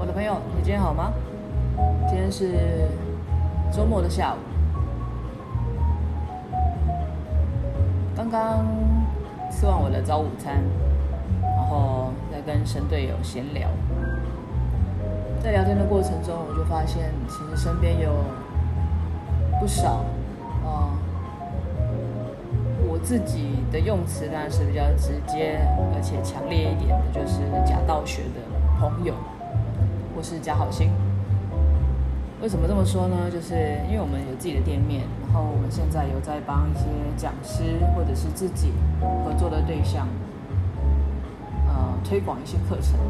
我的朋友，你今天好嗎？今天是週末的下午，剛剛吃完我的早午餐，然後再跟神隊友閒聊。在聊天的過程中，我就發現其實身邊有不少、嗯……我自己的用詞當然是比較直接而且強烈一點的，就是假道學的朋友。就是假好心，為什麼這麼說呢？就是因為我們有自己的店面，然後我們現在有在幫一些講師或者是自己合作的對象，呃，推廣一些課程，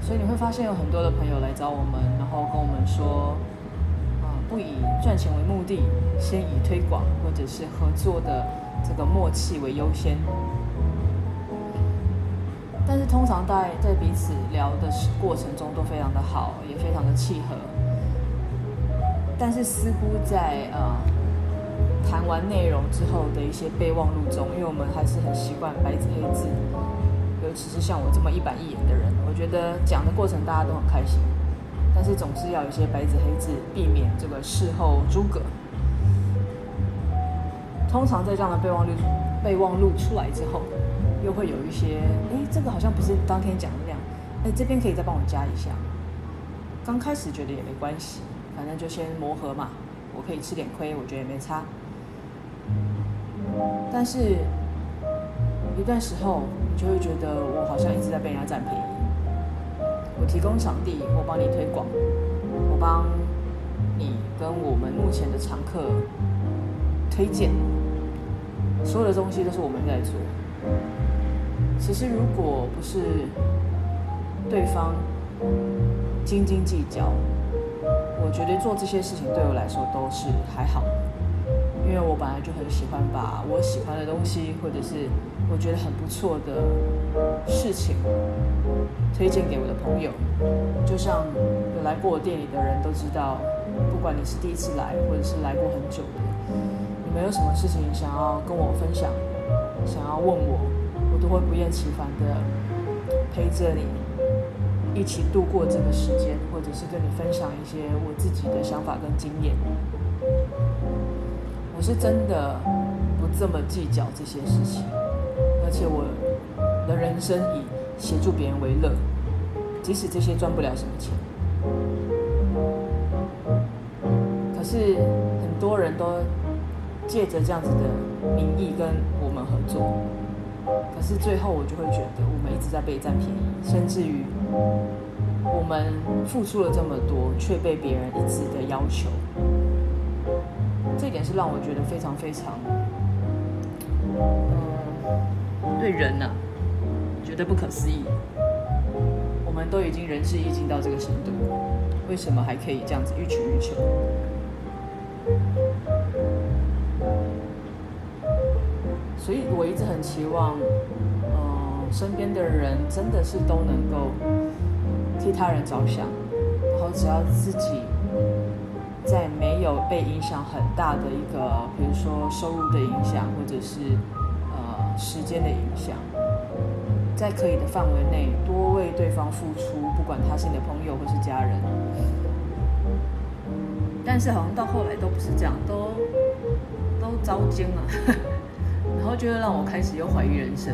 所以你會發現有很多的朋友來找我們，然後跟我們說，啊、呃，不以賺錢為目的，先以推廣或者是合作的這個默契為優先。但是通常大家在彼此聊的過程中都非常的好，也非常的契合。但是似乎在呃談完內容之後的一些備忘錄中，因為我們還是很習慣白紙黑字，尤其是像我這麼一板一眼的人，我覺得講的過程大家都很開心，但是總是要有一些白紙黑字，避免這個事後諸葛。通常在這樣的備忘錄備忘錄出來之後。又會有一些，哎，這個好像不是當天講的那樣，哎，這邊可以再幫我加一下。剛開始覺得也沒關係，反正就先磨合嘛，我可以吃點虧，我覺得也沒差。但是，一段時候你就會覺得我好像一直在被人家占便宜。我提供場地，我幫你推廣，我幫你跟我們目前的常客推薦，所有的東西都是我們在做。其實，如果不是對方斤斤計較，我覺得做這些事情對我來說都是還好。因為我本來就很喜歡把我喜歡的東西，或者是我覺得很不錯的事情推薦給我的朋友。就像有來過我店裡的人都知道，不管你是第一次來，或者是來過很久的，你沒有什麼事情想要跟我分享，想要問我，我都會不厭其煩的陪着你一起度過這個時間，或者是跟你分享一些我自己的想法跟經驗。我是真的不這麼計較這些事情，而且我的人生以協助別人為樂，即使這些賺不了什麼錢，可是很多人都。借着這樣子的名義跟我們合作，可是最後我就會覺得我們一直在被占便宜，甚至於我們付出了這麼多卻被別人一直的要求，這一點是讓我覺得非常非常，嗯，對人呢覺得不可思議。我們都已經仁至義盡到這個程度，為什麼還可以這樣子欲取欲求？所以，我一直很期望，嗯、呃，身邊的人真的是都能夠替他人着想，然後只要自己在沒有被影響很大的一個，比如說收入的影響，或者是呃時間的影響，在可以的範圍內多為對方付出，不管他是你的朋友或是家人。但是好像到後來都不是這樣，都都遭驚了。 然後就會讓我開始又懷疑人生，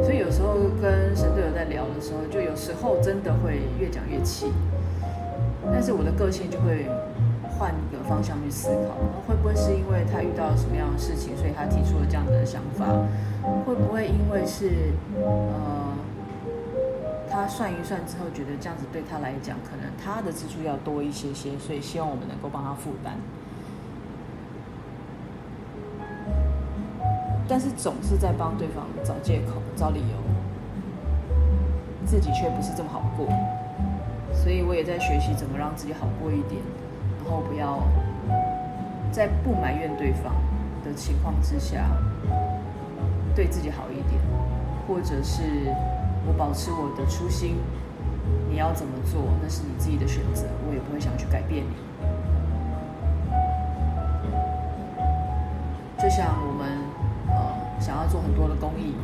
所以有時候跟神隊友在聊的時候，就有時候真的會越講越氣。但是我的個性就會換一個方向去思考，會不會是因為他遇到了什麼樣的事情，所以他提出了這樣的想法？會不會因為是呃，他算一算之後，覺得這樣子對他來講，可能他的支出要多一些些，所以希望我們能夠幫他負擔？但是總是在幫對方找借口、找理由，自己卻不是這麼好過，所以我也在學習怎麼讓自己好過一點，然後不要在不埋怨對方的情況之下對自己好一點，或者是我保持我的初心，你要怎麼做那是你自己的選擇，我也不會想去改變你，就像我們。想要做很多的公益，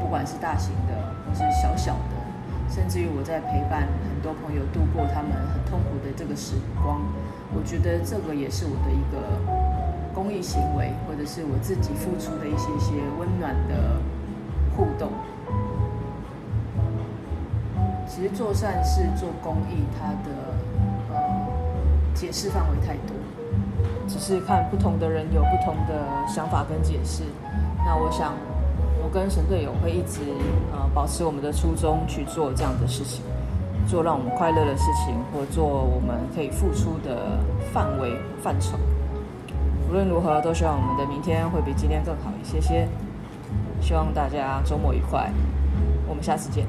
不管是大型的，或是小小的，甚至於我在陪伴很多朋友度過他們很痛苦的這個時光，我覺得這個也是我的一個公益行為，或者是我自己付出的一些些溫暖的互動。其實做善事、做公益，它的呃解釋範圍太多。只是看不同的人有不同的想法跟解釋。那我想，我跟神隊友會一直呃保持我們的初衷去做這樣的事情，做讓我們快樂的事情，或做我們可以付出的範圍範疇。無論如何，都希望我們的明天會比今天更好一些些。希望大家周末愉快，我們下次見。